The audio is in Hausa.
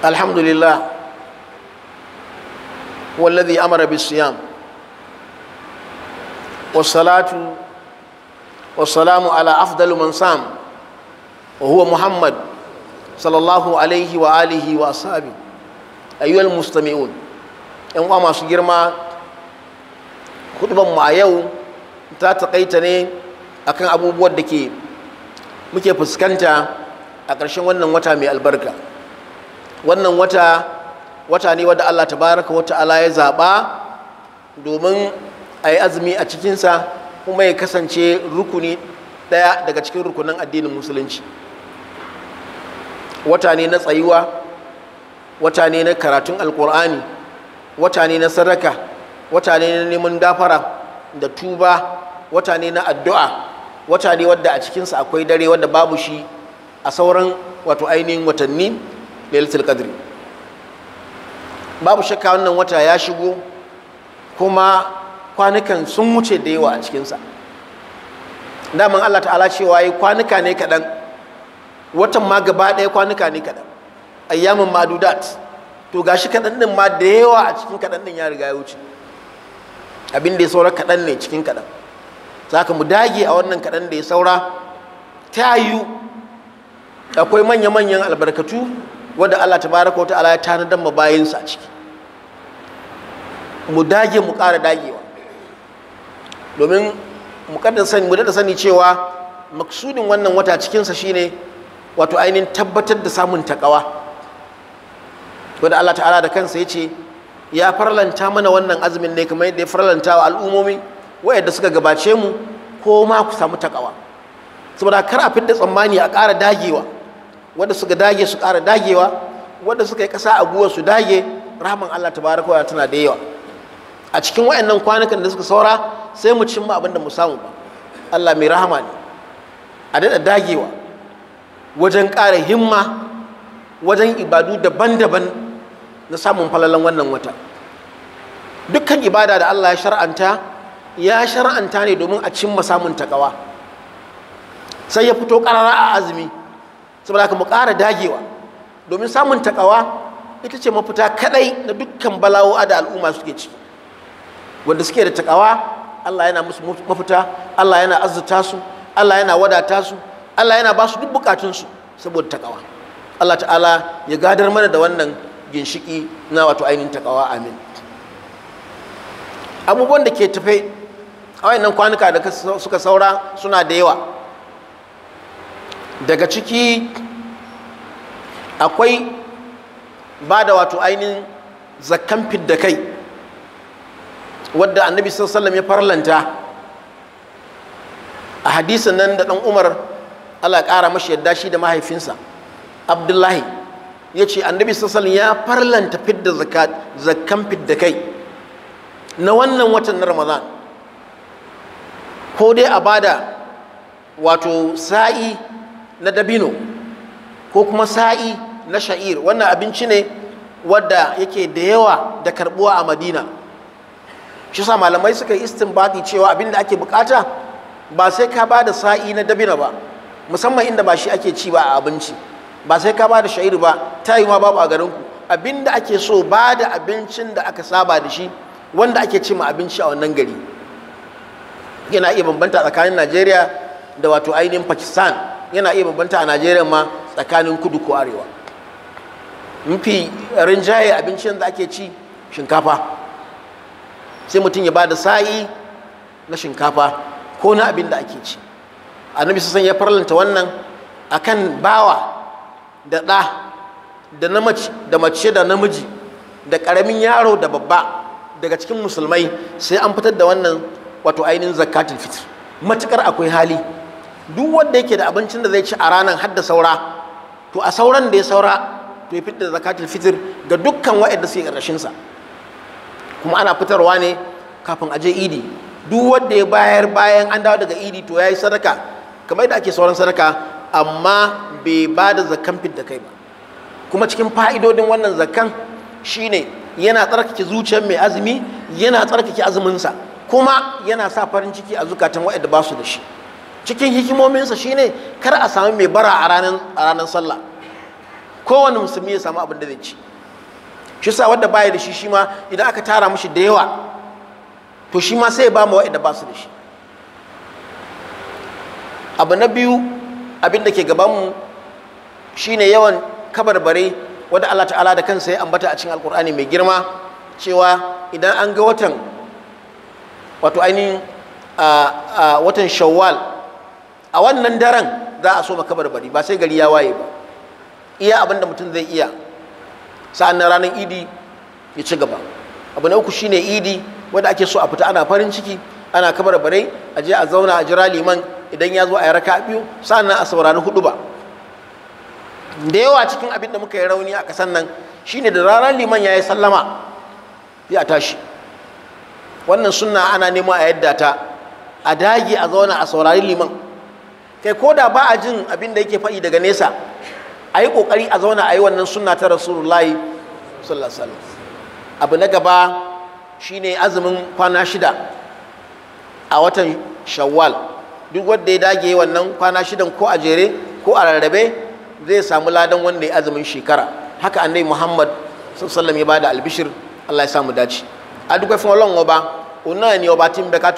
الحمد لله والذي أمر بالصيام والصلاة والسلام على أفضل من صام وهو محمد صلى الله عليه وآله وأصحابه أيها المستمعون إن ما سجر ما خطبا مع يوم تاتقيتني أكن أبو بودكي muke fuskanta a ƙarshen wannan wata mai albarka wannan wata wata ne wadda Allah tabaraka wa ta'ala ya zaɓa domin a yi azumi a cikinsa kuma ya kasance rukuni ɗaya daga cikin rukunin addinin musulunci wata ne na tsayuwa wata ne na karatun alkur'ani wata ne na sadaka wata ne na neman gafara da tuba wata ne na addu'a wata ne wadda a cikinsa akwai dare wadda babu shi a sauran wato ainihin watanni lailatul qadri babu shakka wannan wata ya shigo kuma kwanukan sun wuce da yawa a cikinsa daman allah ta'ala cewa yi kwanuka ne kaɗan watan ma gaba daya kwanuka ne kaɗan ayyamin madudat to gashi kaɗan ɗin ma da yawa a cikin kaɗan ɗin ya riga ya wuce abin da ya saura kaɗan ne cikin kaɗan zaka mu dage a wannan kaɗan da ya saura ta yiwu akwai manya-manyan albarkatu wanda Allah wata ta'ala ya tanadar ma bayinsa a ciki mu dage mu ƙara dagewa domin mu kada sani mu daɗa sani cewa maksudin wannan wata cikinsa shine wato ainihin tabbatar da samun takawa wadda Allah ta'ala da kansa ya ce ya farlanta mana wannan azumin ne kamar yadda ya farlanta wa al'ummomi wayanda suka gabace mu ko ma ku samu takawa saboda kar a da tsammani a ƙara dagewa wanda suka dage su ƙara dagewa wanda suka yi ƙasa a guwa su dage rahman Allah baraka wa tana da yawa a cikin wayannan kwanukan da suka saura sai mu cimma abin da mu samu ba Allah mai rahama ne a daɗa dagewa wajen ƙara himma wajen ibadu daban-daban na samun falalan wannan wata dukkan ibada da Allah ya shar'anta ya shar'anta ne domin a cimma samun takawa sai ya fito ƙarara a azumi saboda haka mu ƙara dagewa domin samun takawa ita ce mafita kaɗai na dukkan bala'o'a da al'umma suke ciki wanda suke da takawa Allah yana musu mafita Allah yana azzuta su Allah yana wadata su Allah yana ba su duk bukatunsu saboda takawa Allah ta'ala ya gadar mana da wannan ginshiki na wato ainihin takawa amin abubuwan da ke tafe a wayannan kwanuka da suka saura suna da yawa daga ciki akwai ba da wato ainihin zakkan fidda kai wadda annabi sallam ya farlanta a hadisin nan da ɗan umar allah ƙara mashi yadda shi da mahaifinsa abdullahi ya ce annabi sallam ya farlanta fidda zakkan fidda kai na wannan watan na ramadan ko dai a bada wato sa'i na dabino ko kuma sa'i na sha'ir wannan abinci ne wadda yake da yawa da karbuwa a madina shi sa malamai suka yi istinbati cewa abin da ake bukata ba sai ka ba da sa'i na dabino ba musamman inda ba shi ake ci ba a abinci ba sai ka ba da sha'ir ba ta yi ma babu a garinku abin da ake so ba da abincin da aka saba da shi wanda ake ci ma abinci a wannan gari yana iya bambanta tsakanin najeriya da wato ainihin pakistan yana iya bambanta a najeriya ma tsakanin kudu ko arewa mafi rinjaye abincin da ake ci shinkafa sai mutum ya ba da sa'i na shinkafa ko na abin da ake ci annabi sassan ya farlanta wannan akan bawa da ɗa da namace da mace da namiji da ƙaramin yaro da babba daga cikin musulmai sai an fitar da wannan wato ainihin zakatul fitr matukar akwai hali duk wanda yake da abincin da zai ci a ranar hadda saura to a sauran da ya saura to ya fitar da zakatul fitr ga dukkan wa'anda suke karkashin sa kuma ana fitarwa ne kafin a je idi duk wanda ya bayar bayan an dawo daga idi to yayi sadaka kamar yadda ake sauran sadaka amma bai ba da zakan fit kai ba kuma cikin fa'idodin wannan zakan shine yana tsarkake zuciyar mai azumi yana tsarkake azuminsa kuma yana sa farin ciki a zukatan waɗanda ba su da shi cikin hikimominsa shine kar a sami mai bara a ranar sallah kowane musulmi ya samu abin da zai ci shi sa wanda baya da shi shi ma idan aka tara mushi da yawa to shi ma sai ya ba mu wa'anda ba su da shi abu na biyu abin da ke gabanmu shine yawan kabarbare wanda Allah ta'ala da kansa ya ambata a cikin alkur'ani mai girma cewa idan an ga watan wato ainihin watan shawwal a wannan daren za a so bari ba sai gari ya waye ba iya abin mutum zai iya sa'an na ranar idi ya ci gaba abu na uku shine idi wanda ake so a fita ana farin ciki ana barai a je a zauna a jira liman idan ya zo a yi raka biyu sa'an a saurari hudu ba da yawa cikin abin da muka yi rauni a kasan nan shine da ranar liman ya yi sallama ya tashi wannan sunna ana nema a yadda ta a dagi a zauna a saurari liman kai ko da ba a jin abin da yake faɗi daga nesa a yi ƙoƙari a zauna a yi wannan sunna ta rasulullahi sallallahu abu na gaba shine azumin kwana shida a watan shawwal duk wanda ya dage wannan kwana shidan ko a jere ko a rarrabe zai samu ladan wanda ya azumin shekara haka annabi muhammad sallallahu alaihi ya bada albishir allah ya samu dace a duk ọlọ́run ọba ni ọba tí ń